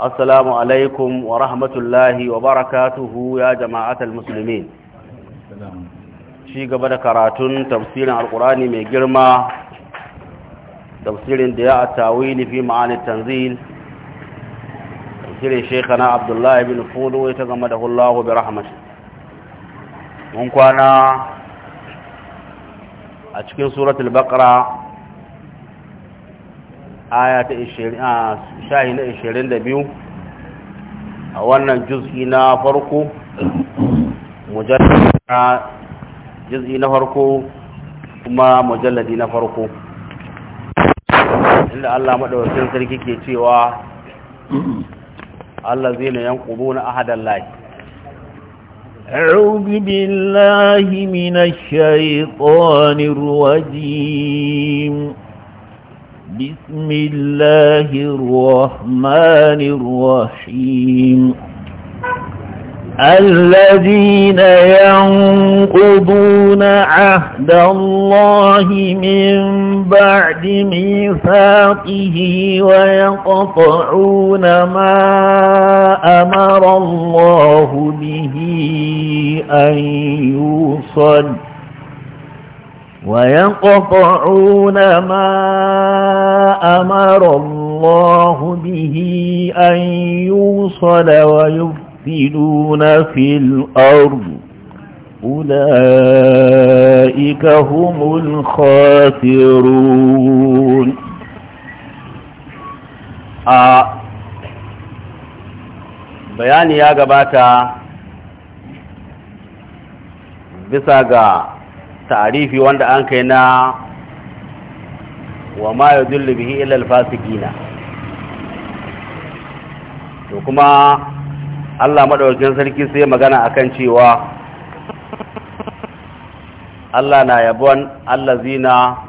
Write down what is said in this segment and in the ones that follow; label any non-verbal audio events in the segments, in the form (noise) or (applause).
Asalamu alaikum wa rahmatullahi wa barakatuhu ya jama'atul muslimin shi gaba da karatun tafsirin alqurani mai girma tafsirin da ya atawili fi ma'ani tanzil tafsirin shaykhana abdullahi ibn fulu wa tagamadahu allah bi rahmatih mun kwana a cikin suratul baqara aya ta na 22 a wannan juz'i na farko mujallada juz'i na farko kuma mujalladi na farko inda Allah madawacin sarki ke cewa Allah zai na yankudu na ahadan lahi أعوذ بالله من الشيطان الرجيم بسم الله الرحمن الرحيم الذين ينقضون عهد الله من بعد ميثاقه ويقطعون ما أمر الله به أن يوصل ويقطعون ما أمر الله به أن يوصل ويفسدون في الأرض أولئك هم الخاسرون آه، بياني يا ya gabata ta'arifi wanda an kai na wa ma yadullu bihi illa al-fasiqina to kuma Allah madaukakin sarki sai magana akan cewa Allah na yabon allazina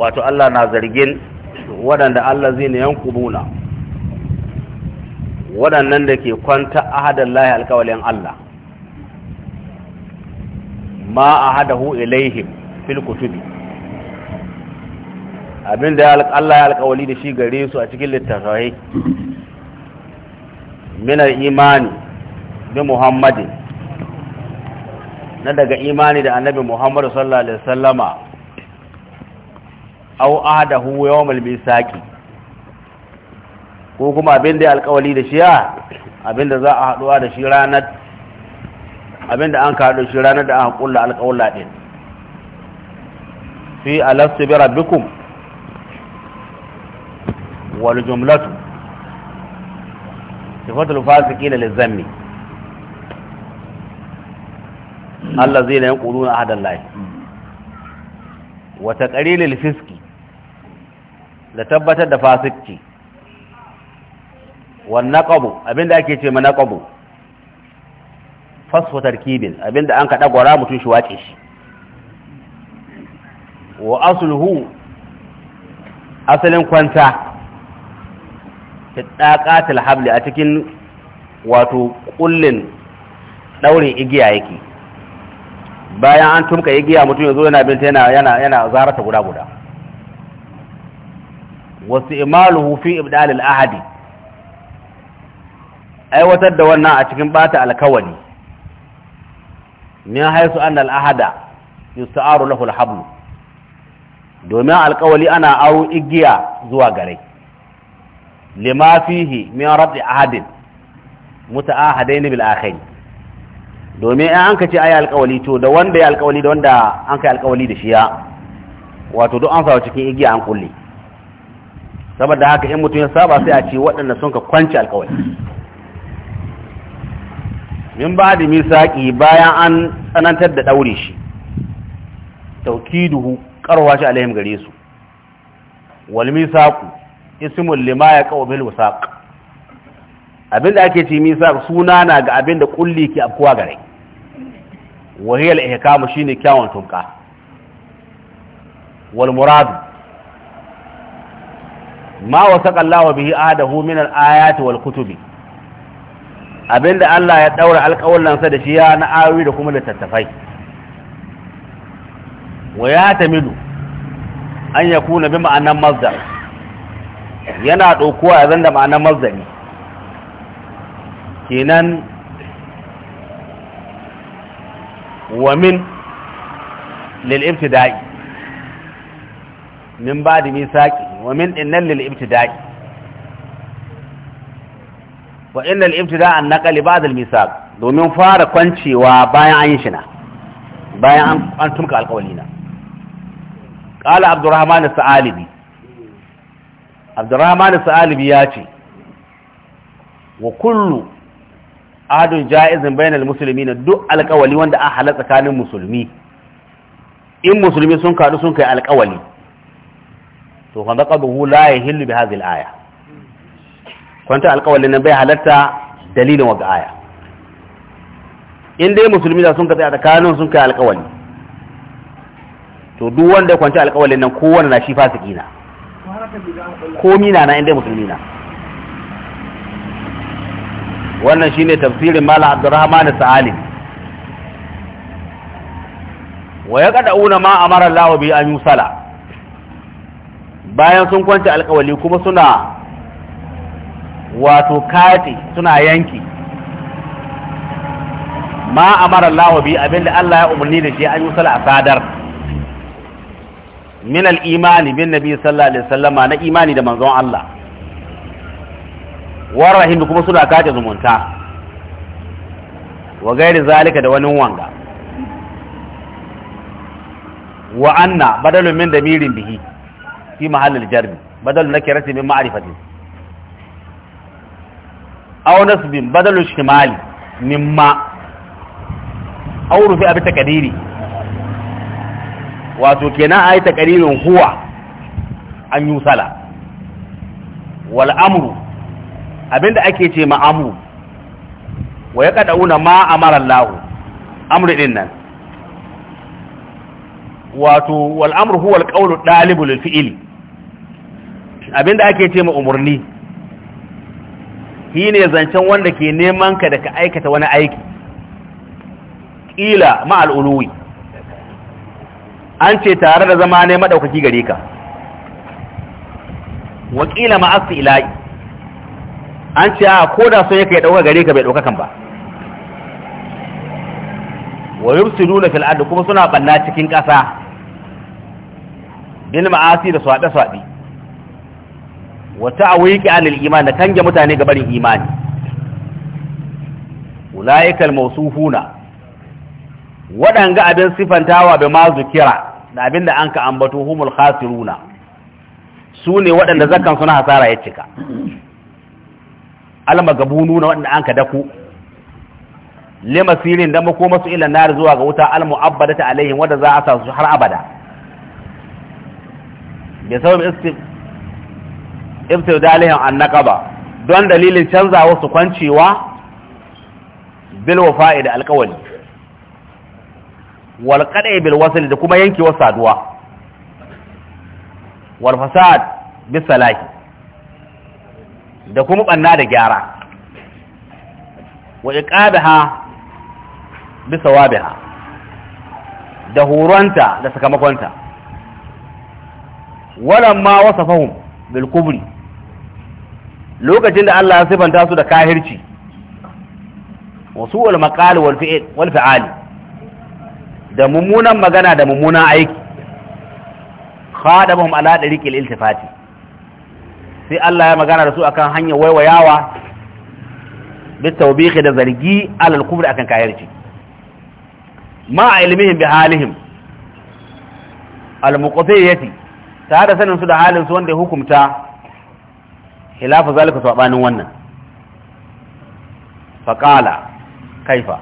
wato Allah na zargin waɗanda allazina yankubuna waɗannan da ke kwanta ahadallahi alƙawalin Allah ma ahadahu ilaihim fil kutubi abin da Allah ya alkawali da shi gare su a cikin littattafai minar imani bi muhammadin na daga imani da annabi muhammadu sallallahu alaihi wasallama aw ahadahu yawmal misaki ko kuma abin da ya alkawali da shi abin da za a haduwa da shi ranar abinda an kaɗo shi ranar da aka kulla alƙawla ɗin fi alastu bi rabbikum wal jumlatu sifatul fasiqin lil zammi allazina yanquluna ahda allahi wa taqrilil fiski da tabbatar da fasikci wan naqabu abinda ake ce ma naqabu fasfo tarkibin abinda an kaɗa gwara mutum shi wace shi wa asluhu asalin kwanta ta habli a cikin wato kullin ɗaurin igiya yake bayan an tumka igiya mutum yazo yana binta yana yana yana zarata guda guda wasu imaluhu fi ibdalil ahadi aiwatar da wannan a cikin bata alkawali min haisu an al'ahada yusta'aru lahu al-hablu domin alƙawali ana aro igiya zuwa gare lima fihi min rabbi ahadin muta'ahadain bil akhir domin an anka ce ayi alƙawali to da wanda ya alƙawali da wanda an kai alƙawali da shi ya wato duk an sawa cikin igiya an kulle saboda haka in mutum ya saba sai a ce waɗanda sun ka kwanci alƙawali min ba da misaki bayan an tsanantar da ɗaure shi taukiduhu ƙarwa shi alayhim gare su wal misaku ismul lima ya kawo bil wasaq abin da ake ce suna na ga abin da kulli ke afkuwa gare wa hiya al ihkam shine kyawun tunka wal murad ma wasaqallahu bihi adahu min al ayati wal kutubi abinda Allah ya daura alƙawallansa da shi ya na ayoyi da kuma littattafai wa ya tamilu an ya kuna bi ma'anan mazdar yana ɗaukuwa ya zanda ma'anan mazdari kenan wa min lil'ibtida'i min ba da misaki wa min ɗinnan lil'ibtida'i wa innal ibtida an naqali ba'd al misaq domin fara kwancewa bayan an yi shina bayan an tumka alƙawalina qala abdurrahman as-sa'alibi abdurrahman as-sa'alibi ya ce wa kullu adun ja'izin bainal muslimina duk alƙawali wanda an halatta tsakanin musulmi in musulmi sun kaɗu sun kai alƙawali to kan zaka buhu la yahillu bi hadhihi al-aya kwanta alƙawalin nan bai halatta dalilin waga aya in dai musulmi da sun ka a tsakanin sun kai alƙawali to duk wanda ya kwanta alƙawalin nan kowanne na shi fasiki na ko mina na in dai musulmi na wannan shine tafsirin malam abdurrahman sa'ali wa yaqda'una ma amara Allah bi an yusala bayan sun kwanta alkawali kuma suna wato kati suna yanki ma amara Allah bi abinda Allah ya umarni da shi an yi sala a sadar min al-imani bin nabi sallallahu alaihi wasallama na imani da manzon Allah warahim kuma suna kace zumunta wa gairi zalika da wani wanga wa anna badalun min damirin bihi fi mahallil jarbi badalun nakirati min ma'rifatin aw nasbin badalu shimali mimma aw rufi abi takadiri wato kenan ayi takadirin huwa an yusala wal amru abinda ake ce ma amru wa ya kada'una ma amara Allah amru din nan wato wal amru huwa al qawlu dalibul fi'li abinda ake ce ma umurni shi ne zancen wanda ke neman ka da ka aikata wani aiki ƙila ma'al'uluwi an ce tare da zama ne maɗaukaki gare ka wakila ma'asu ila'i an ce a ko da so yake ya ɗauka gare ka bai ɗauka kan ba wa su nuna fil'adu kuma suna ɓanna cikin ƙasa bil ma'asi da swaɗe-swaɗe wa ta'wiki anil iman da kange mutane ga barin imani ulaikal mawsufuna waɗanga abin sifantawa bi ma zukira da abin da anka ambato humul khasiruna su ne waɗanda zakan suna hasara ya cika alma gabunu na waɗanda anka daku lima sirin da mako masu ilan nari zuwa ga wuta almu abadata alaihim wanda za a sa su har abada bi sabab ibtidalihim annaqaba don dalilin canzawa su kwancewa bil wafa'i da alƙawali wal qad'i bil wasl da kuma yankewa saduwa wal fasad bis salahi da kuma banna da gyara wa iqabaha bi sawabiha da horonta da sakamakonta walamma wasafahum bil kubri lokacin da Allah ya sifanta su da kahirci wasu wal maqal wal fi'l wal fi'al da mummunan magana da mummunan aiki khadabahum ala dariqil iltifati sai Allah ya magana da su akan hanyar waiwayawa bi tawbihi da zargi alal kubri akan kahirci ma ilmihim bi halihim al muqtiyati Ta da sanin su da halin su wanda ya hukumta khilafu zalika sabanin wannan faqala kaifa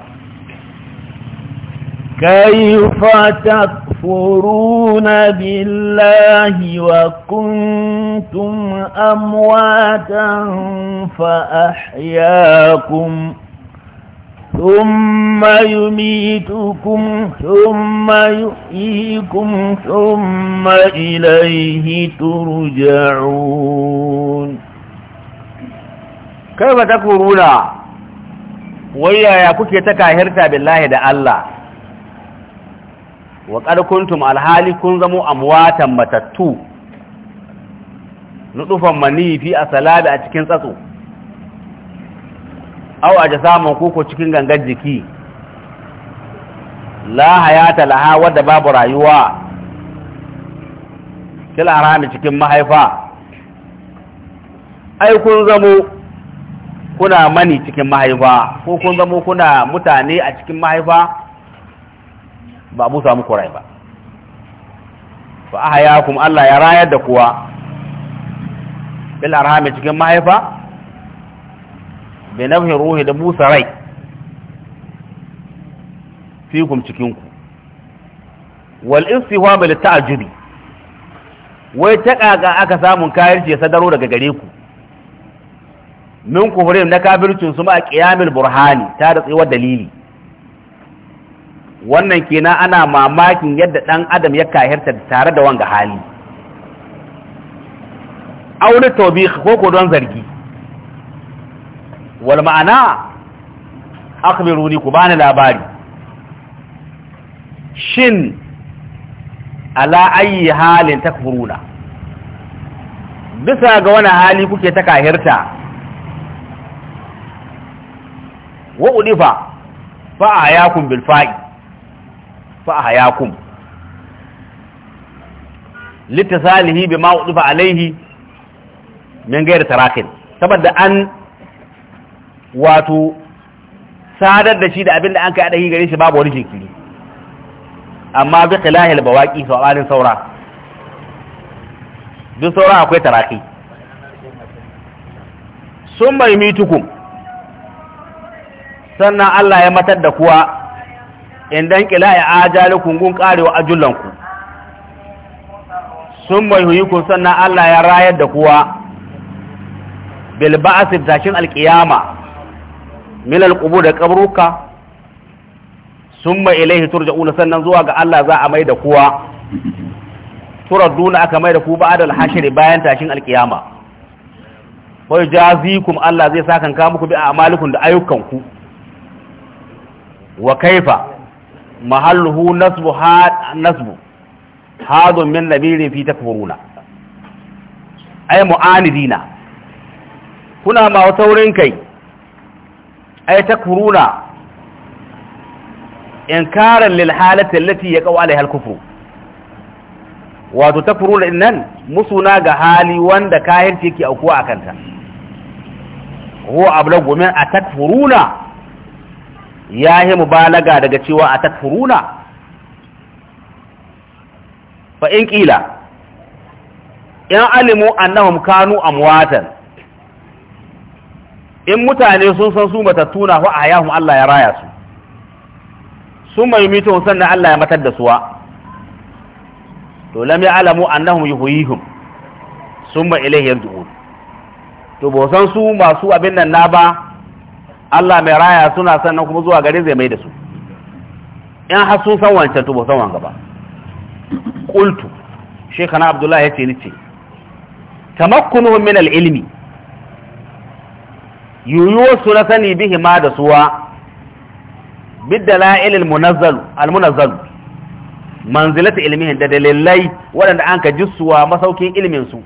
kaifa takfuruna billahi wa kuntum amwatan fa ahyaakum ثم يميتكم ثم يحييكم ثم إليه ترجعون kai ba ta kuruna wai yaya kuke ta kahirta billahi da Allah wa kuntum alhali kun zamo amwatan matattu nudufan mani fi asalabi a cikin tsatso aw ajsamun koko cikin gangar jiki la hayata laha wadda babu rayuwa kila harami cikin mahaifa ai kun zamo kuna mani cikin mahaifa ko kun zamo kuna mutane a cikin mahaifa ba busa samu rai ba fa ahyaakum kuma Allah ya rayar da kuwa bil arhami cikin mahaifa bi nafhi ruhi da Musa rai fikum cikin ku wal istihwa bil ta'ajjubi wai ta kaga aka samun kayar ya sadaro daga gare ku min kufrin na kafircin su ma qiyamil burhani ta da dalili wannan kenan ana mamakin yadda ɗan adam ya kahirta tare da wanga hali aure tobi ko ko don zargi wal ma'ana akhbiruni ku bani labari shin ala ayi halin takfuruna bisa ga wani hali kuke ta kahirta wa udifa fa ahyakum bil fa'i fa ahyakum litasalihi bima udifa alaihi min gairi tarakin saboda an wato sadar da shi da abinda an kai adahi gare shi babu wani jinkiri amma bi khilahil bawaqi sawarin saura duk saura akwai taraki sun bai mitukum sannan Allah ya matar da kuwa indan kila ya ajali kungun karewa ajullanku sun mai huyikun sannan Allah ya rayar da kuwa bilba'asif tashin alkiyama milal kubu da kabruka sun mai ilaihi ula, sannan zuwa ga Allah za a mai da kuwa turadduna aka mai da ku da hashiri bayan tashin alkiyama wai jazikum Allah zai sakan ka muku bi a amalikun da ayyukanku wa kaifa mahalluhu nasbu had nasbu hadu min nabirin fi takfuruna ay mu'anidina kuna ma taurin kai ay takfuruna inkaran lil halati allati yaqau alaiha al kufru wato takfuruna innan musuna ga hali wanda kahirci yake aukuwa akanta huwa ablagu min atakfuruna ya yi mubalaga daga cewa a takfuruna fa in ƙila in alimu annahum kanu amwatan in mutane sun san su matattuna wa ahyahum Allah ya raya su sun mai mito sannan Allah ya matar da suwa to lam ya'lamu alamu annahum yuhyihum summa ilayhi yarji'un to bo san su masu abin nan na ba Allah mai raya suna sannan kuma zuwa gare zai mai da su in har sun san wancan tubo san wanga ba kultu shekana abdullahi ce ni ce tamakkunuhum min al-ilmi yuyuwa su na sani bihi ma da suwa biddala'il al-munazzalu al-munazzalu manzilatu ilmihin da dalilai waɗanda an ka jissuwa masaukin ilmin su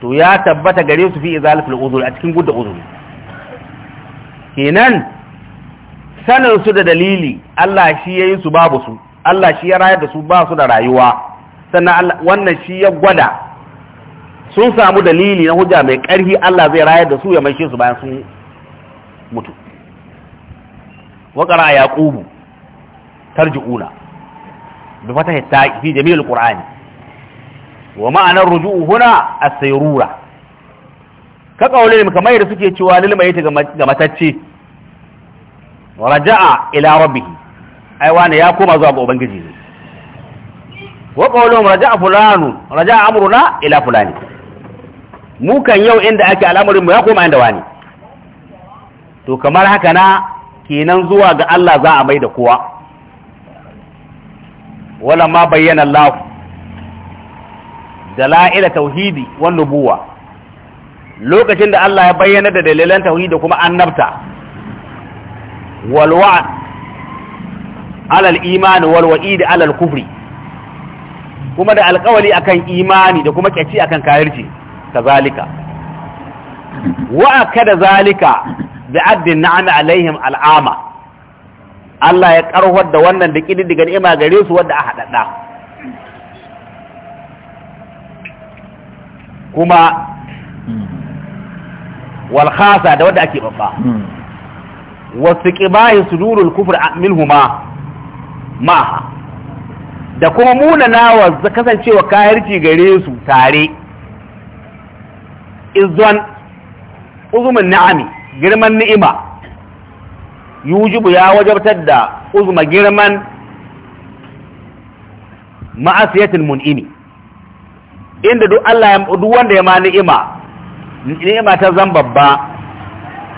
to ya tabbata gare su fi izalatul uzur a cikin gudda uzuri kenan sanin su da dalili Allah shi ya yi su babu su Allah shi ya rayar da su ba su da rayuwa sannan wannan shi ya gwada sun samu dalili na hujja mai ƙarfi Allah zai rayar da su ya maishe su bayan sun mutu waƙara Tarji tarji'una bi fata hita fi jami'ul qur'ani wa ma'anar ruju'u huna as-sayrura ka kaulin kamar yadda suke cewa lil mayyit ga matacce raja'a ila rabbih ai wani ya koma zuwa ga ubangiji ne wa qawluhum raja'a fulanu raja'a amruna ila fulani mu kan yau inda ake al'amarin mu ya koma inda wani to kamar haka na kenan zuwa ga Allah za a mai da kowa wala ma bayyana Allah dala'ila tauhidi wan nubuwa lokacin da Allah ya bayyana da dalilan tauhid da kuma annabta wal wa'd ala al iman wal wa'id ala al kufri kuma da alƙawali akan imani da kuma kyaci akan kafirci kazalika wa akada zalika bi addin na'am alaihim al'ama Allah ya karhar da wannan da kididdiga ni'ima gare su wanda a hadada kuma wal da wadda ake babba hmm. wasu kibahin sudurul kufur minhuma maha da kuma muna nawa kasancewa kayarci gare su tare izon uzumin na'ami girman ni'ima yujibu ya wajabtar da uzuma girman ma'asiyatin mun'imi inda Allah duk wanda ya ma ni'ima ni'ima ta zan babba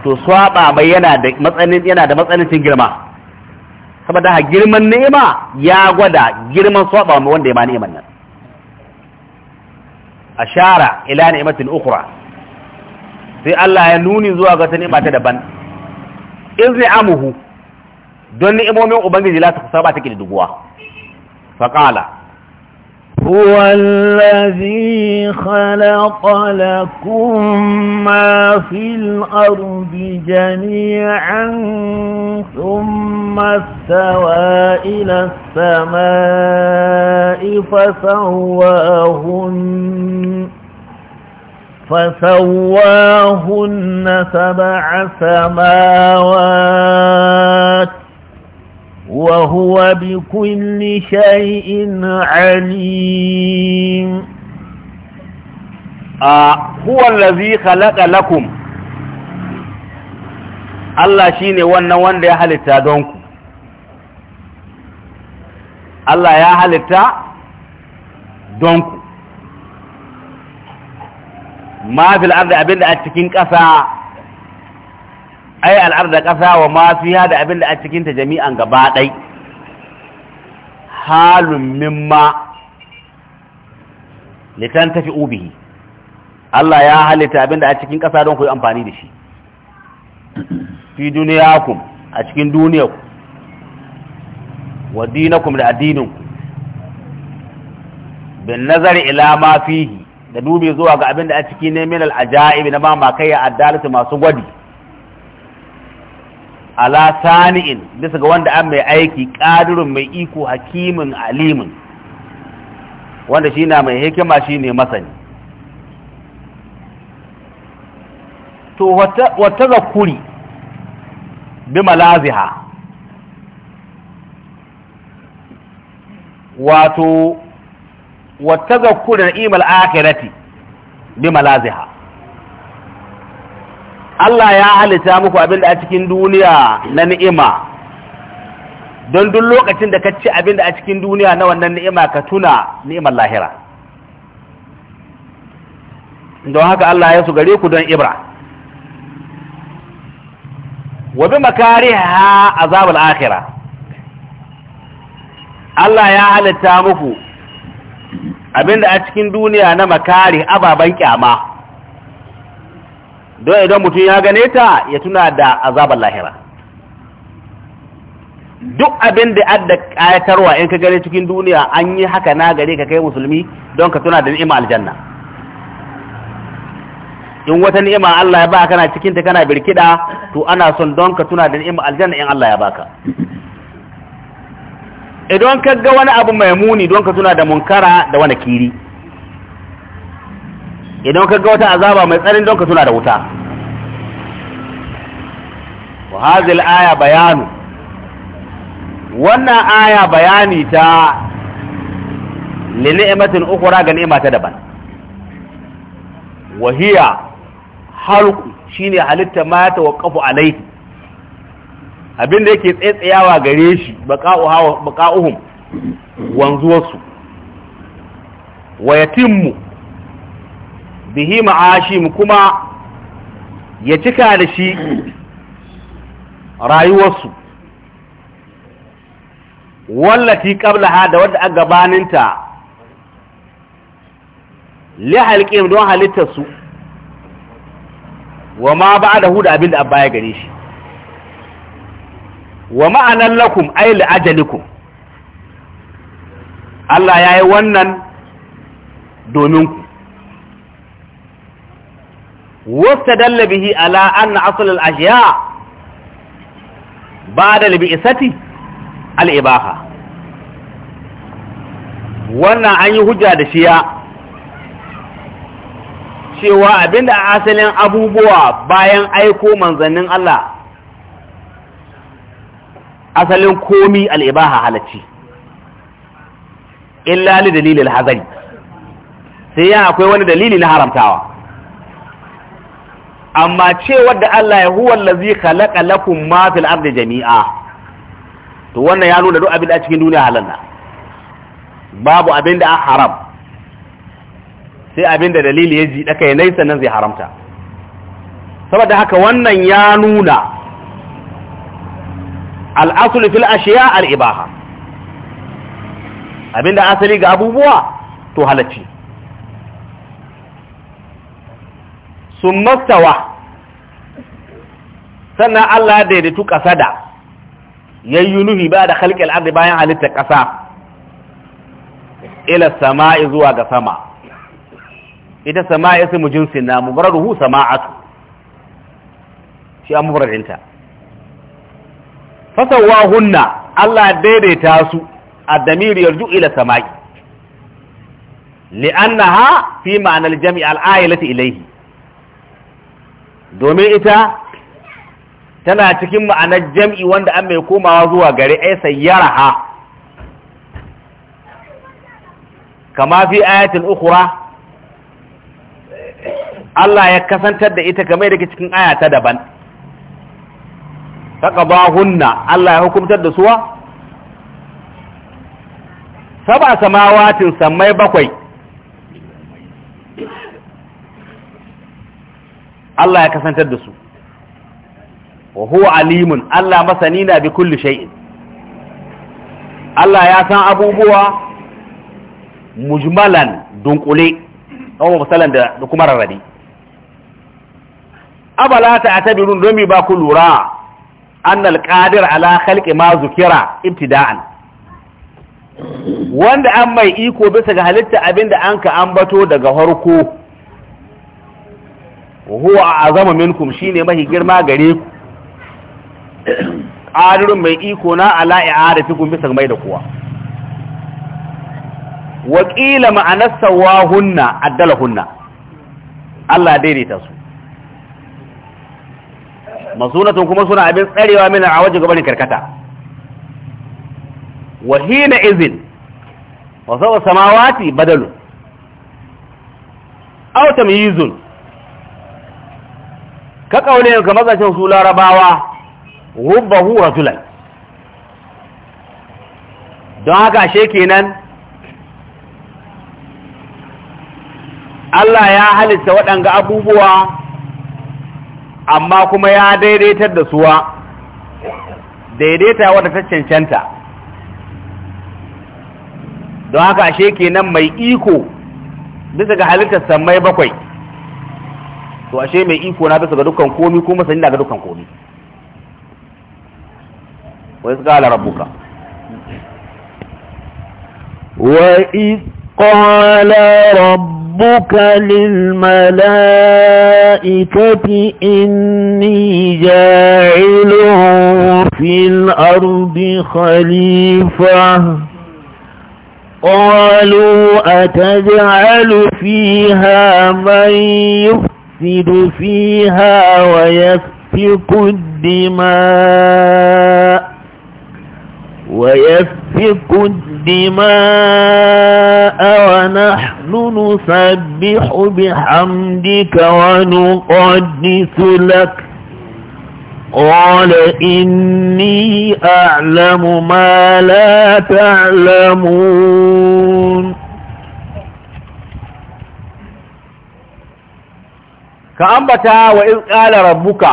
to swaba mai yana da matsanin yana da matsanancin girma saboda ha girman ni'ima ya gwada girman swaba mai wanda ya ma ni'iman nan ashara ila ni'imatin ukhra sai Allah ya nuni zuwa ga ta ni'ima ta daban izni amuhu don ni'imomin ubangiji la ta saba take da duguwa faqala هو الذي خلق لكم ما في الأرض جميعا ثم استوى إلى السماء فسواهن فسواهن سبع سماوات وهو بكل شيء عليم هو الذي خلق لكم Allah shi ne wannan wanda ya halitta don Allah ya halitta don ku ma abinda a cikin ƙasa ai al'ar da ƙasa wa ma fiha da abin da a cikinta jami'an gaba ɗai halun mimma litan tafi ubihi Allah ya halitta abin da a cikin ƙasa don ku yi amfani da shi fi ku a cikin ku. wa dinakum da addininku bin nazari ila ma fihi da dubi zuwa ga abin da a ciki ne min na ba ma kai masu gwadi ala sani'in bisa ga wanda an mai aiki ƙadirin mai iko hakimin alimin wanda shi na mai hikima shi ne masani to wata zakuri bi malaziha wato wata na imal akirati bi malaziha Allah ya halitta muku abin da a cikin duniya na ni'ima don duk lokacin da ka ci abin da a cikin duniya na wannan ni'ima ka tuna ni'imar lahira don haka Allah ya su gare ku don ibra wa bi makariha azabul akhirah Allah ya halitta muku abinda a cikin duniya na makari ababan kyama don idan mutum ya gane ta ya tuna da azabar lahira duk abin da adda kayatarwa in ka gane cikin duniya an yi haka na gare ka kai musulmi don ka tuna da ni'ima aljanna in wata ni'ima Allah ya ba kana cikin ta kana birkida to ana son don ka tuna da ni'ima aljanna in Allah ya baka idan ka ga wani abu mai muni don ka tuna da munkara da wani kiri idan ka ga wata azaba mai tsarin don ka suna da wuta wa hazil aya bayanu wannan aya bayani ta li ni'matin ukhra ga ni'ma ta daban wa hiya halqu shine halitta ma ta waqafu alaihi da yake tsayawa gare shi baqa'uhum wanzuwarsu wa yatimmu bihi ma'ashim kuma ya cika da shi rayuwarsu wallati qablaha da wadda a gabaninta li don halittarsu wa ma ba'dahu da abinda abba ya gani shi wa ma'anan lakum ay li ajalikum Allah yayi wannan domin ku واستدل به على أن أصل الأشياء بعد البئسة الإباحة wannan an yi hujja da shiya cewa abinda a asalin abubuwa bayan aiko manzannin Allah asalin komi al'ibaha halacci illa li dalilin hazari sai ya akwai wani dalili na haramtawa amma cewar da Allah ya huwa allazi khalaqa lakum ma fil ardi jami'a to wannan ya nuna duk abin da a cikin duniya halal babu abin da haram sai abin da dalili ya ji daka yayi sannan zai haramta saboda haka wannan ya nuna al-aslu fil ashiya al-ibaha abinda asali ga abubuwa to halacci sun mastawa sannan Allah ya daidaitu ƙasa da yayyu nuhi ba da halƙi ardi bayan halitta ƙasa ila sama'i zuwa ga sama ita sama'i ismu jinsin na mubararuhu sama'atu shi an mubararinta fasawa hunna Allah daidaita su الضمير يرجع إلى السماء لأنها في معنى الجمع الآية التي ilaihi. domin ita tana cikin ma'anar jam'i wanda an mai komawa zuwa gare ai sayyara ha kama fi ayatul ukhra Allah ya kasantar da ita game da cikin aya ta daban hunna. Allah ya hukumtar da suwa saba samawatin samai bakwai Allah ya kasantar da su wa huwa alimun Allah masani na bi kulli shay'in Allah ya san abubuwa mujmalan dunkule ɗan masalan da kuma rarrabe abala ta ba ku lura annal qadir ala khalqi ma zukira ibtida'an wanda an mai iko bisa ga halitta abinda an ka ambato daga farko huwa a azamu minkum shine mahi girma gare ku (clears throat) qadirun mai iko na a ala i'aratikum bisa mai da kuwa Waƙila wa hunna a dala hunna. Allah daidaita su masunatun kuma suna abin tsarewa mina a waje gabanin karkata wa hina izin wasu samawati badalu yi tamyizun ka kaule ka mazacin su larabawa hubbahu rasulan don haka ashe kenan Allah ya halitta waɗanga abubuwa amma kuma ya daidaitar da suwa daidaita wadda ta cancanta don haka ashe kenan mai iko bisa ga halittar samai bakwai to ashe mai iko na bisa ga dukkan komi ko masani daga ga dukkan komi wa isa qala rabbuka wa is qala rabbuka lil malaikati inni ja'ilu fil ardi khalifa قالوا أتجعل فيها من يفتح يفسد فيها ويفسق الدماء ويفسق الدماء ونحن نسبح بحمدك ونقدس لك قال إني أعلم ما لا تعلمون ka ambata wa in qala rabbuka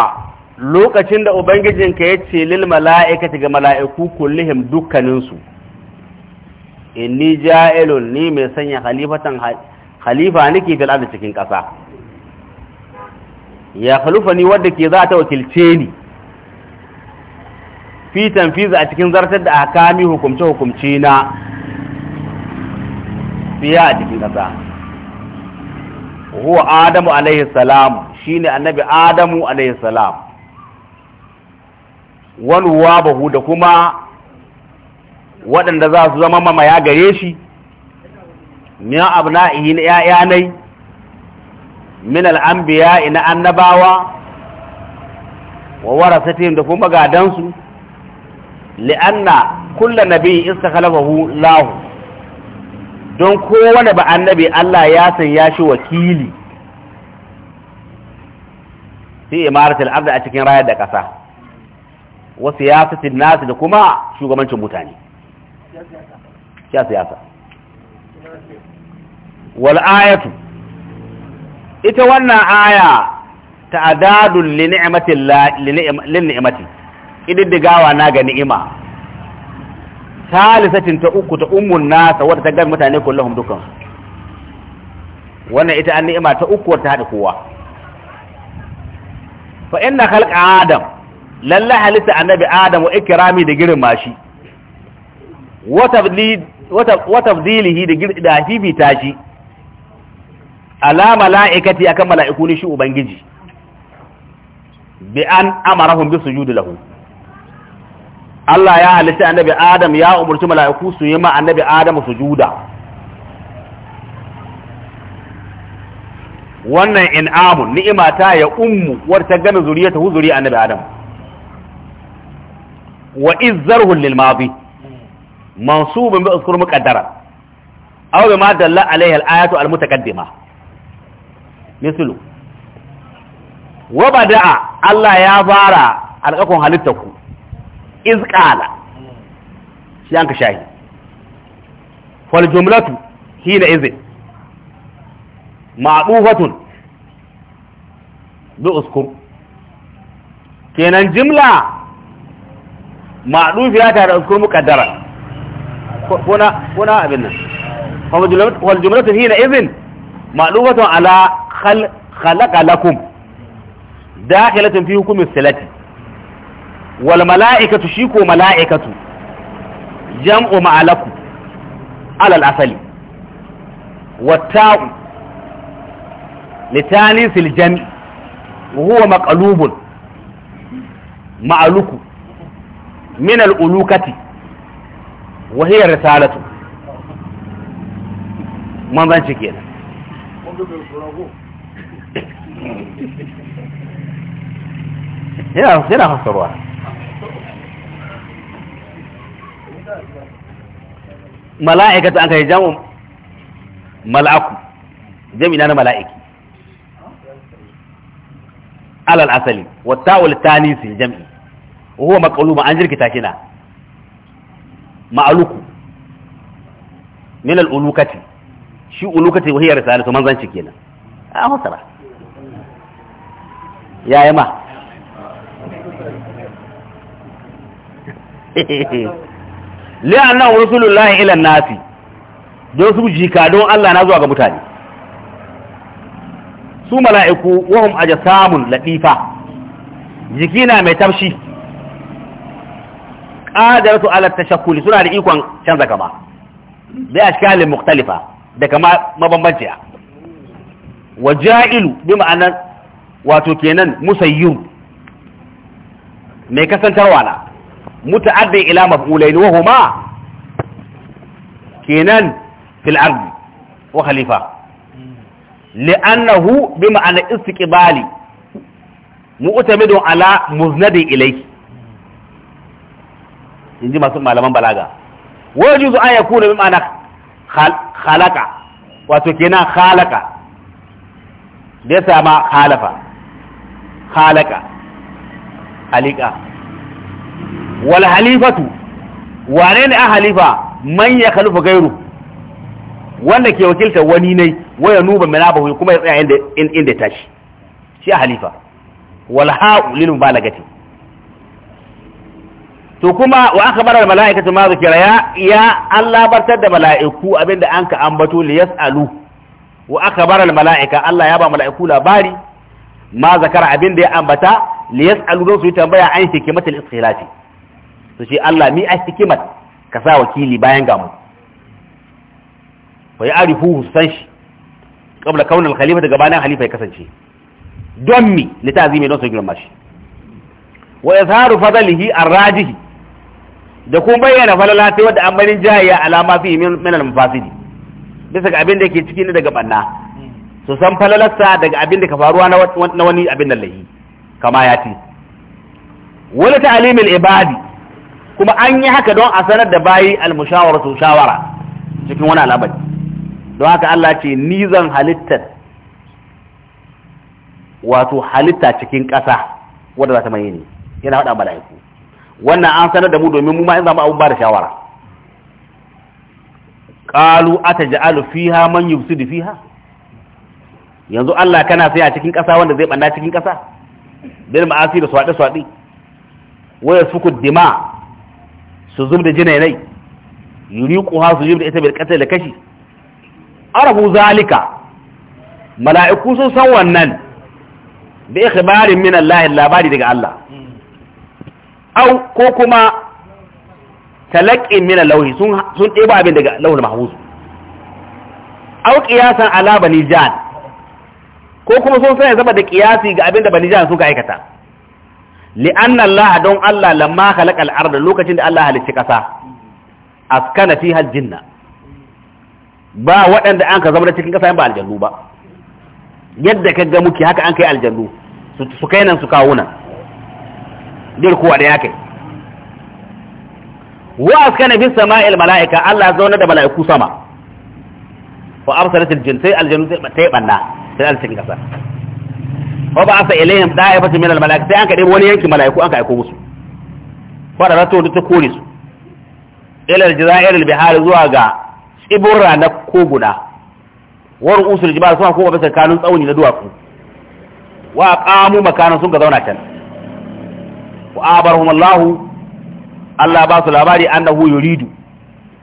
lokacin da ubangijinka yace lil mala'ikati ga mala'iku kullihim dukkanin su inni ja'ilun ni mai sanya khalifatan khalifa nake fil ardi cikin kasa ya khalifa ni wadda ke za ta wakilce ni fi tanfiza a cikin zartar da akami hukumce hukumce na fiya a cikin kasa huwa adamu alaihi salam shine annabi adamu alaihi salam wani bahu da kuma waɗanda za su zama mamaya gare shi min abna'ihi na ‘ya'yanai min al'ambiya ina annabawa wa warasatin da kuma gadansu li'anna kulla nabi iska khalafahu lahu don kowane ba annabi Allah ya san ya shi wakili fi imaratul ardi a cikin rayar da ƙasa wa siyasatin nasu da kuma shugabancin mutane ya siyasa wal ayatu ita wannan aya ta'adadun li ni'mati li ni'mati ididdigawa na ga ni'ima salisatin ta uku ta ummun nasa wadda ta gami mutane kullum dukan wannan ita an ni'ima ta uku wadda ta haɗa kowa fa inna khalqa adam lalla halitta annabi adam wa ikrami da girin mashi wa tablid wa tabdilihi da girda hibi tashi ala malaikati akan malaiku ne shi ubangiji bi an amarahum bi sujudi lahu Allah ya halitta annabi Adam ya umurci mala'iku su yi ma annabi Adam su juda wannan in'amun ni'ima ta ya ummu wata ta gane zuriya ta huzuri annabi Adam wa izzarhu lil madi mansubun bi uzkur muqaddara aw bima dalla alayhi al ayatu al mutaqaddima mislu wa bada'a Allah ya fara alƙakon ku. izqala shi an ka shahi wal jumlatu hina izin ma'dufatun bi uskur kenan jimla ma'dufiya ta da uskur muqaddara kuna kuna abin nan wal jumlatu hina izin ma'dufatun ala khal khalaqa lakum dakhilatun fi hukmi salati walmala’ikatu shi ko mala’ikatu jam’o ma’alaku alal asali wata’u litanin siljami huwa maƙalubun ma’aluku minal ulukati wahiyar risalatu manzan cike da yana mala'ikata an kai jamu mala'aku jami'ina na mala'iki alal asali wa ta'ul tanisi jam'i wa huwa maqluma an jirkita kina ma'aluku min al ulukati shi ulukati wa hiya risalatu manzanci kenan a ah, fasara yayi ma (laughs) li'annahu rusulullahi ilan nasi don su jikadon Allah na zuwa ga mutane su mala'iku wahum ajsamun latifa jiki na mai tafshi qadaratu ala tashakkuli suna da ikon canza gaba bi ashkali mukhtalifa da kama mabambanciya wa ja'ilu bi ma'anar wato kenan musayyib mai kasantarwa na muta'addin ila maf'ulain wa huma kenan fil ard wa khalifa li'annahu bima'ana istiqbali mu'tamidun ala muznadin ilayhi inji masu malaman balaga wa yajuzu an yakuna bima'ana khalaqa wato kenan khalaqa da ya sama khalafa wal halifatu wane ne a halifa man ya khalifa gairu wanda ke wakiltar wani ne waya nuba manabahu kuma ya tsaya inda inda tashi shi a halifa wal ha'u lil mubalagati to kuma wa aka barar mala'ikatu ma zikira ya ya Allah bartar da mala'iku abinda anka ambato li yasalu wa aka barar mala'ika Allah ya ba mala'iku labari ma zakara abinda ya ambata li yasalu don su yi tambaya an hikimatul istilafi su ce Allah mi a hikimar ka sa wakili bayan gamu fa ya arifu san shi kabla kaunar khalifa daga bayan halifa ya kasance don mi mai don su girma shi wa izharu fadlihi rajihi da kuma bayyana falalati wadda amarin jahiya alama fi min al-mafasidi bisa ga abin da yake ciki ne daga banna su san falalarsa daga abin da ka faruwa na wani abin da lahi kama ya ce. wani ta alimin ibadi kuma an yi haka don a sanar da bayi almushawaratu shawara cikin wani al'amari don haka Allah ce ni zan halittar wato halitta cikin ƙasa wadda za ta mai ne yana faɗa mala'iku wannan an sanar da mu domin mu ma in zama abun ba da shawara qalu ataj'alu fiha man yufsidu fiha yanzu Allah kana sai a cikin ƙasa wanda zai banda cikin ƙasa bil ma'asi da swade swade waya suku dima su zub da jinainai ha su zub da ita bil qatl da kashi arabu zalika mala'iku sun san wannan bi ikhbarin min Allah labari daga Allah au ko kuma talaqqin min lawhi sun sun ɗeba abin daga lauhul mahfuz au qiyasan ala bani jan ko kuma sun sai zaba da qiyasi ga abin da bani jan suka aikata li'anna Allah don Allah lamma khalaqa al-ard lokacin da Allah halicci kasa askana fiha jinna ba waɗanda an ka zama cikin kasa ba aljannu ba yadda ka ga muke haka an kai aljannu su kai nan su kawo nan dirkuwa da ya kai wa askana fi sama'il mala'ika Allah da mala'iku sama sai ta cikin wa ba asa ilayhim da'ifatan min al sai an kade wani yankin mala'iku an ka aiko musu da rato da ta kore su ila al-jazair al-bihar zuwa ga tsibura na koguna war usul jibal sun ko bisa kanun tsauni na duwatsu wa qamu makana sun ga zauna can wa abarhum Allah Allah ba su labari annahu yuridu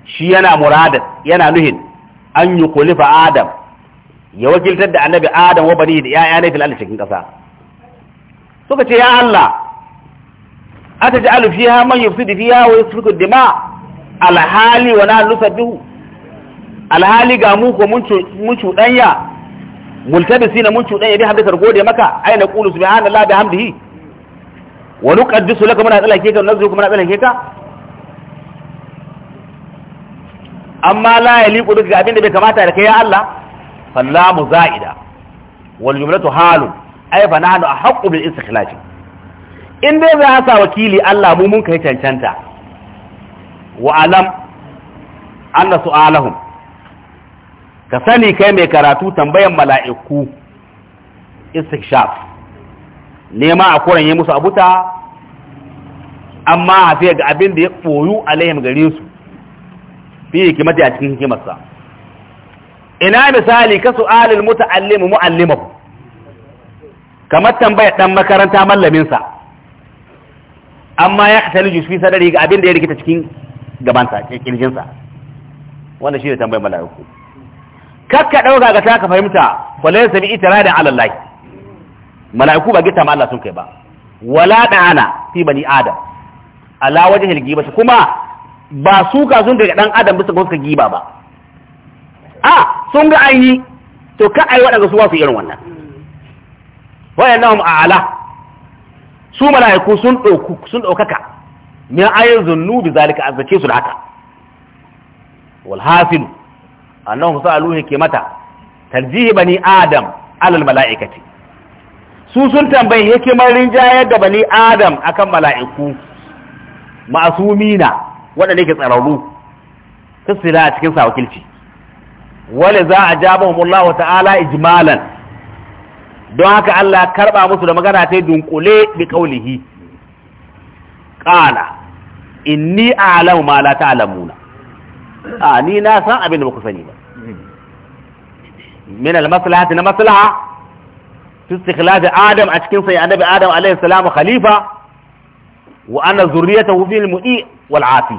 shi yana murada yana nuhin an yukulifa adam ya wakiltar da annabi adam wa bani da yaya ne fil ardi cikin kasa suka ce ya Allah ataj'alu fiha man yufsidu fiha wa yasfiku dima alhali wa na la nusabbihu alhali ga mu ko mun cuɗanya sina mun cuɗanya bi hamdaka gode maka ai na qulu subhanallahi bihamdihi wa nuqaddisu laka muna tsalake ka nazu kuma na tsalake ka amma la yaliqu bika abinda bai kamata da kai ya Allah fallamu za'ida wal jumlatu halun ai fa a ahqqu bil istikhlaf in dai za a sa wakili Allah mu mun kai cancanta wa alam anna su'alahum ka sani kai mai karatu tambayan mala'iku istikshaf nema a koran yi musu abuta amma hafiya ga abin da ya koyu alaihim gare su fi hikimata a cikin hikimarsa ina misali ka su'alil muta'allimu mu'allimahu kamar tambaya dan makaranta mallamin sa amma ya kasali fi sadari ga abin da ya rikita cikin gaban sa kirjin sa wanda shi ne tambayar malaiku kakka dauka ga ta ka fahimta walai bi itiradan ala Allah malaiku ba gita ma Allah sun kai ba wala da'ana fi bani adam ala al gibati kuma ba ka sun daga dan adam bisa ga suka giba ba a sun ga an yi to ka ai waɗanda su wasu irin wannan wayannan ma'ala su mala'iku sun ɗauku sun ɗaukaka min ayin zunnu bi zalika azzace su da haka wal hafilu annahum ke hikmata tarjihi bani adam alal mala'ikati su sun tambayi hikimar rinjayar da bani adam akan mala'iku masumina waɗanda yake tsararru su a cikin sa wakilci wale za a Allah ta'ala ijmalan don haka Allah karba musu da magana ta dunkule bi qaulihi qala inni a'lamu ma la ta'lamuna a ni na san abin da baku sani ba min al-maslahati na maslaha fi istikhlaf adam a cikin sai annabi adam alaihi salamu khalifa wa anna zurriyatahu fil mu'i wal afi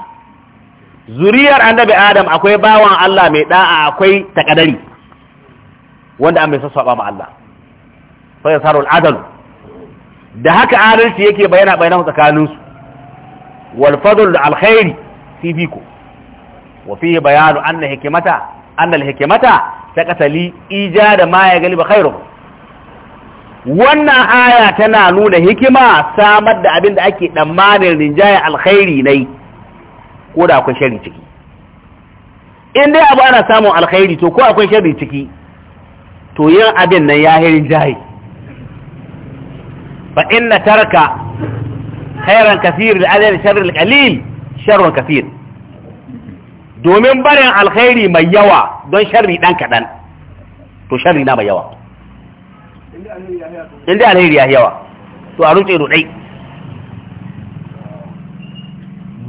zuriyar annabi adam akwai bawan Allah mai da'a akwai takadari wanda an bai sassaba ma Allah fa yasaru al-adl da haka adalci yake bayana bayanan tsakanin su wal fadl al-khair fi fiku wa fihi bayanu anna hikmata anna al-hikmata taqatali ijada ma ya galiba khairu wannan aya tana nuna hikima samar da abin da ake tsammanin rinjaya alkhairi na yi. ko da akwai shari ciki in dai abu ana samun alkhairi to ko akwai shari ciki to yin abin nan ya hirin jahi fa inna tarka khairan kathir da adal sharr al-qalil sharrun kathir domin barin alkhairi mai yawa don sharri dan kadan to sharri na mai yawa inda alheri ya yawa to a rutse rudai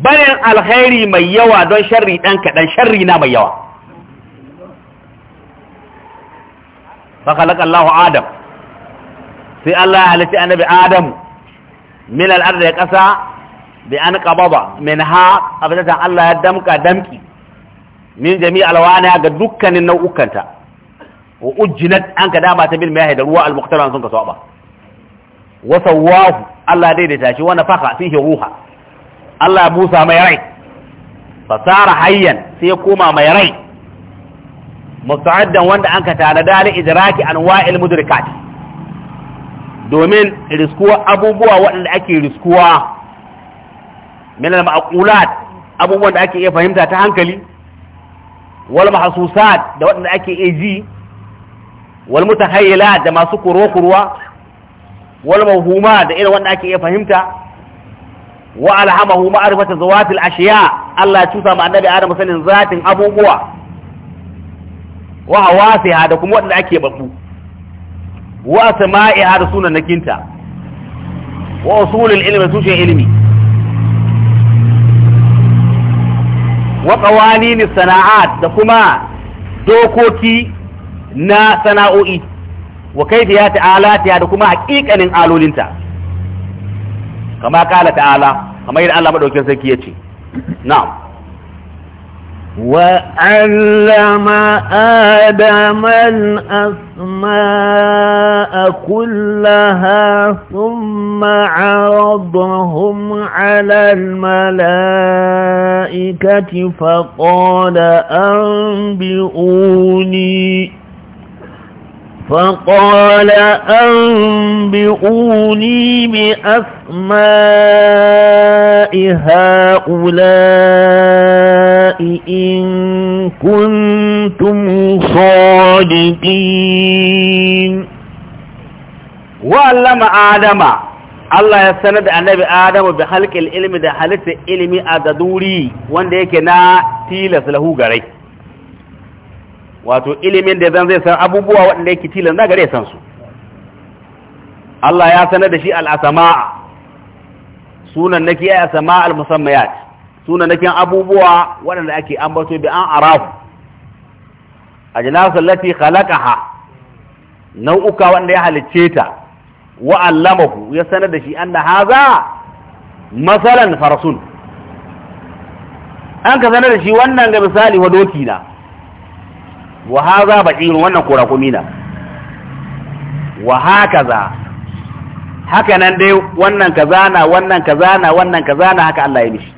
barin alkhairi mai yawa don sharri ɗan kaɗan sharri na mai yawa fakalaka Allahu Adam sai Allah ya halitta annabi adam min al-ard ya ƙasa bi an qababa min ha abadatan Allah ya damka damki min jami alwana ga dukkanin nau'ukanta wa ujjinat an ka ba ta bil mai da ruwa al-muqtaran sun ka so ba wa sawahu Allah daidaita shi wa nafakha fihi ruha Allah Musa mai rai fasara hayyan sai ya koma mai rai musta'addan wanda an ka tana da li idraki wa'il mudrikat domin riskuwa abubuwa waɗanda ake riskuwa min al abubuwan da ake iya fahimta ta hankali wal mahsusat da waɗanda ake iya ji wal mutahayyilat da masu kuro-kurwa wal mawhuma da irin wanda ake iya fahimta wa alhamahu ma'rifata zawatil ashiya Allah ya cusa ma annabi Adam sanin zatin abubuwa wa hawasiha da kuma wanda ake babu wa sama'iha da sunan nakinta wa usulul ilmi tushen ilmi wa qawanin sana'at da kuma dokoki na sana'o'i wa kaifiyati alatiha da kuma haƙiƙanin alolinta kama kala ta'ala kamar yadda Allah madaukakin sarki yace na'am وعلم آدم الأسماء كلها ثم عرضهم على الملائكة فقال أنبئوني فقال أنبئوني بأسماء هؤلاء إن كنتم صادقين وعلم آدم الله يستند نبي آدم بخلق الإلم ده حلث علمي أددوري وان ديكنا تيلس لهو غريك wato ilimin da zan zai san abubuwa waɗanda yake tilan za gare san su Allah ya sanar da shi al'asama'a sunan ke ya asama al-musammayat sunan ke abubuwa waɗanda ake ambato bi an a jinasar lati allati ha nau'uka wanda ya halicce ta wa allamahu ya sanar da shi an da haza masalan farsun an ka sanar da shi wannan ga misali wa doki na wa haza baqirun wannan kurakumi na wa hakaza haka nan dai wannan kaza na wannan kaza na wannan kaza na haka Allah ya mishi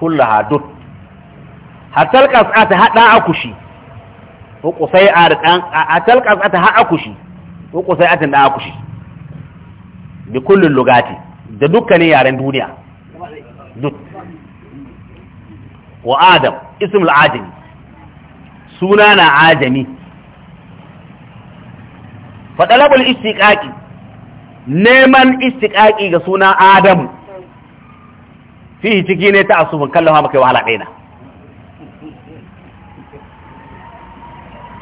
kullaha duk talqas ata hada akushi ko kusai a dan hatal qas'ata ha akushi ko kusai atin da akushi bi kullu lugati da dukkanin yaren duniya duk wa adam ismul adami suna na ajami faɗalabul istiƙaƙi neman istiƙaƙi ga suna adamu fi ciki ne ta asubin kallawa maka wahala ɗaina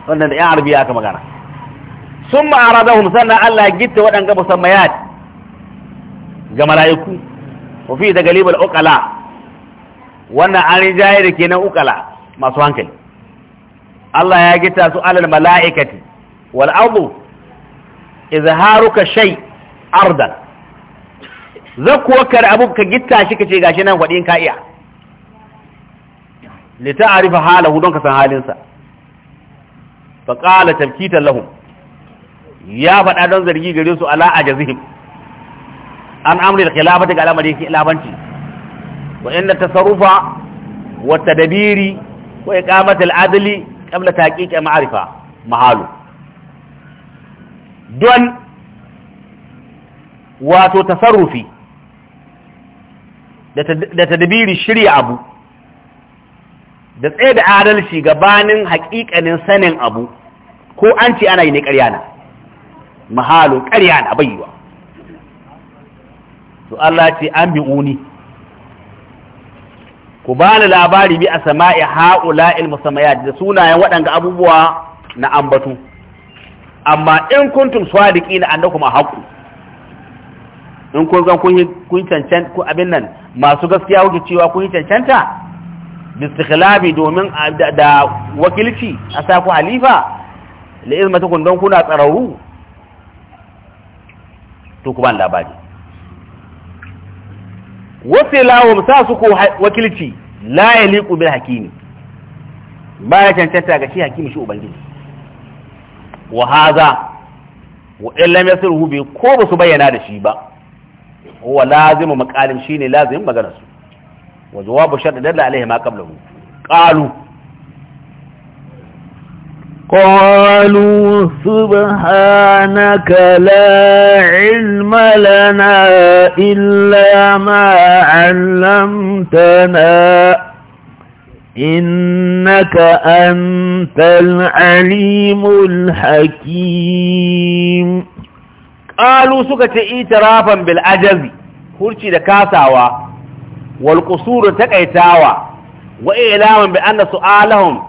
wannan da 'yan arbiya aka magana sun ma'ara da sannan Allah gitta waɗanga musammayat ga mala'iku wafi da galibar ukala wannan an rijaye da kenan ukala masu hankali Allah ya gita su alal mala'ikati wal ardu izharuka shay ardan zakuwakar abu ka gita shi ka kace gashi nan kwadin ka iya li ta'rifa halahu don ka san halinsa fa qala tafkita lahum ya faɗa don zargi gare su ala ajazihim an amri da khilafati ga al'amari khilafanci wa inna tasarrufa wa tadbiri wa iqamati al-adli qabla taqiqi ma'rifa mahalu don wato tasarrufi da tadbiri shirya abu da tsaye da adalci gabanin hakikanin sanin abu ko an ce ana yi ne ƙarya na mahalu ƙarya to Allah ce an bi'uni ku bani labari bi asma'i ha'ula'il musammayat da sunayen waɗanga abubuwa na ambatu amma in kuntum sadiqina annakum haqu in kun zan kun cancan ku abin nan masu gaskiya kuke cewa kun cancanta istikhlabi domin da wakilci a sa ku halifa la izmatukum don kuna tsararu to ku ban labari wasu lawon sa su ko wakilci la ya bil hakimi ba ya cancanta ga shi hakimi shi ubangiji wa haza wa illam yasruhu bi ko ba su bayyana da shi ba huwa lazima maqalim shine lazim maganar su wa jawabu da dalla alaihi ma qablahu qalu قالوا سبحانك لا علم لنا إلا ما علمتنا إنك أنت العليم الحكيم قالوا سكت إيترافا بالأجل هرشي دكاتاوا والقصور تكيتاوا وإعلاما بأن سؤالهم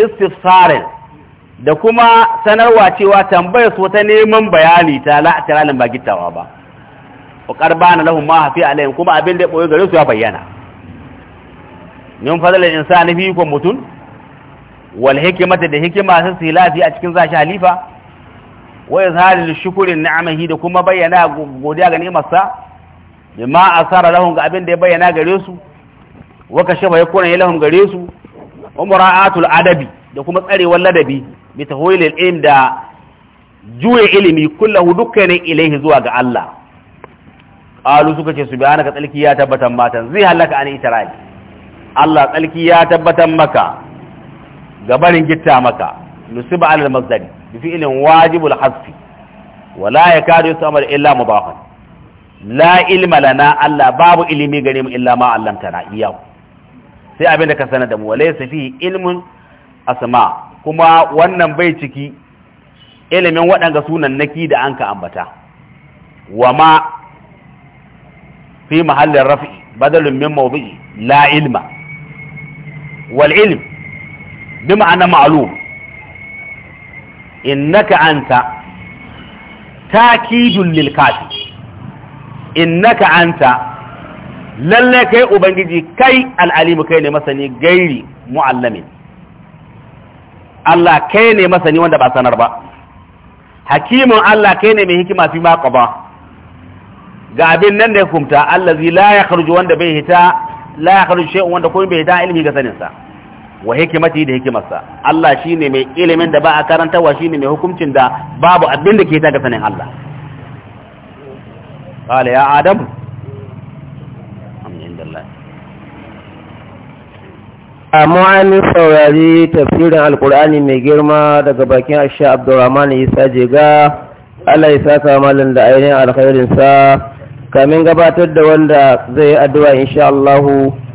استفسار da kuma sanarwa cewa tambayar su ta neman bayani ta la'atiralin ba gittawa ba ƙoƙar ba na lahun ma hafi alayhim kuma abin da ya ɓoye gare su ya bayyana min in sa fi ikon mutum wal hikimata da hikima sun su lafi a cikin zashi halifa wa izharil shukrin na'amahi da kuma bayyana godiya ga ma a asara lahum ga abin da ya bayyana gare su Waka shafa ya kashafa ya lahun gare su atul adabi da kuma tsarewar ladabi bi tahwilil ilm da juya ilimi kullahu dukkanin ilaihi zuwa ga Allah Ƙalu suka ce su subhanaka tsalki ya tabbatan matan zai halaka an itirafi Allah tsalki ya tabbatan maka gabarin gitta maka nusiba alal mazdari bi fi'lin wajibul hasfi wala yakadu yusamar illa mudahan la ilma lana Allah babu ilimi gare mu illa ma allamtana iyahu sai abin da ka sanar da mu walaysa fihi ilmun asma kuma wannan bai ciki ilimin waɗanga sunan naki da an ka ambata wa ma fi mahallin rafi'i badalun min mawdi'i la ilma wal ilm bi ma'ana ma'lum innaka anta takidun lil kafi innaka anta lalle kai ubangiji kai al'alimu kai ne masani gairi mu'allamin Allah kai ne masani wanda ba sanar ba hakimin Allah kai ne mai hikima fi ma qada ga abin nan da ya kumta allazi la ya kharju wanda bai hita la ya kharju shay'un wanda kuma bai hita ilmi ga sanin sa wa hikimati da hikimarsa Allah shine mai ilimin da ba a karantawa shine mai hukuncin da babu abin da ke ta ga sanin Allah qala ya adam an saurari tafsirin alkur'ani mai girma daga bakin asha abdurrahman isa jega allah ya saka malam da ainihin alkhairinsa kamin gabatar da wanda zai yi addu'a insha Allahu